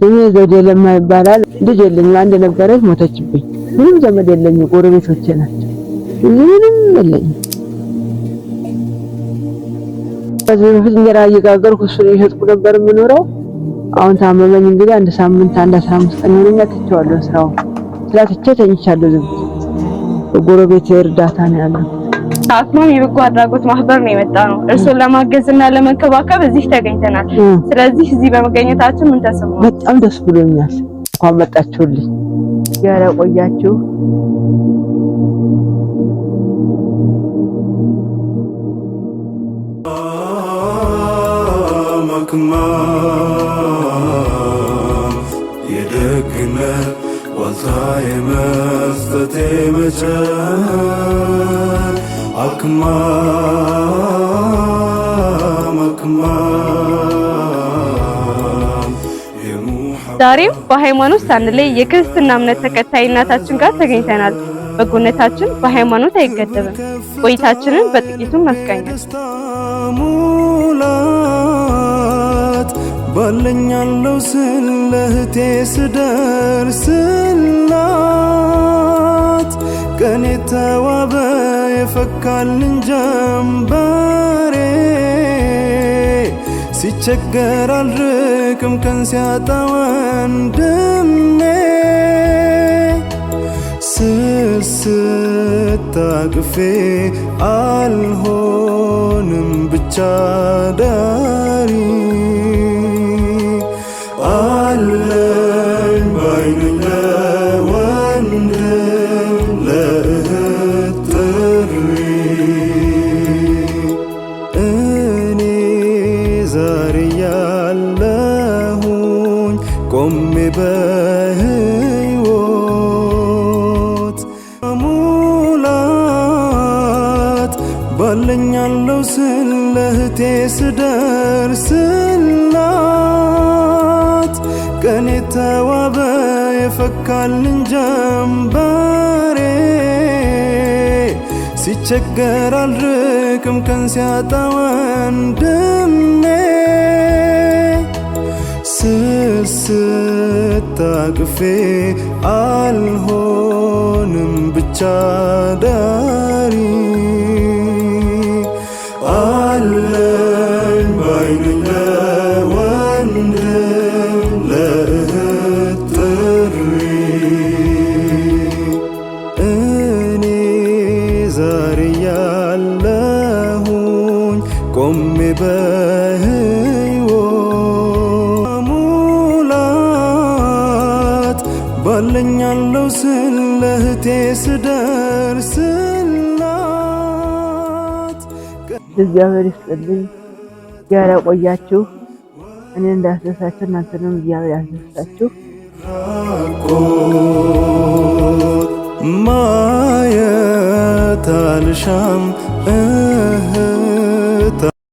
ስሜ ዘውዴ ለማ ይባላል። ልጅ የለኝም። አንድ ነበረች ሞተችብኝ። ምንም ዘመድ የለኝ፣ ጎረቤቶቼ ናቸው። ምንም የለኝ። ከዚህ በፊት እንጀራ እየጋገርኩ እሱን እየሸጥኩ ነበር የምኖረው። አሁን ታመመኝ። እንግዲህ አንድ ሳምንት አንድ አስራ አምስት ቀን ሆኖኛ ትቼዋለሁ። ስራው ስራ ትቼ ተኝቻለሁ። ዝም ጎረቤት እርዳታ ነው ያለው ከአክማም የበጎ አድራጎት ማህበር ነው የመጣ ነው። እርሶን ለማገዝ እና ለመንከባከብ እዚህ ተገኝተናል። ስለዚህ እዚህ በመገኘታችን ምን ተሰማው? በጣም ደስ ብሎኛል። እንኳን መጣችሁልኝ። ያለቆያችሁ ማክማም የደግነት ዋዛ የመስጠቴ መቼ መክማ መክማ ዛሬም በሃይማኖት ሳንለይ የክርስትና እምነት ተከታይ እናታችን ጋር ተገኝተናል። በጎነታችን በሃይማኖት አይገደብም። ቆይታችንን በጥቂቱ እናስቃኛለን። ባለኛለው ስለህቴ ስደርስ በቀን የተዋበ የፈካልን ጀምባሬ ሲቸገር አልርቅም ቀን ሲያጣ ወንድሜ ስስታቅፌ አልሆንም ብቻ ዳሪ ቆሜ በሕይወት ሙላት ባለኛለው ለህቴ ስደርስላት ቀኔ ተዋበ የፈካልን ጀምበሬ ሲቸገር አልርቅም ቀን ሲያጣ ወንድሜ ስታቅፌ አልሆንም ብቻ ዳሪ አለኝ ባይነኝ ለወንድም ለእህት ጥሪ እኔ ዛሬ ያለሁኝ ቆሜ አለኛለው ስል ለእህቴ ስደርስላት እግዚአብሔር ይስጥልኝ። ጋር ያቆያችሁ እኔ እንዳያስደሳችሁ እናንተንም እግዚአብሔር ያስደሳችሁ። ማየት አልሻም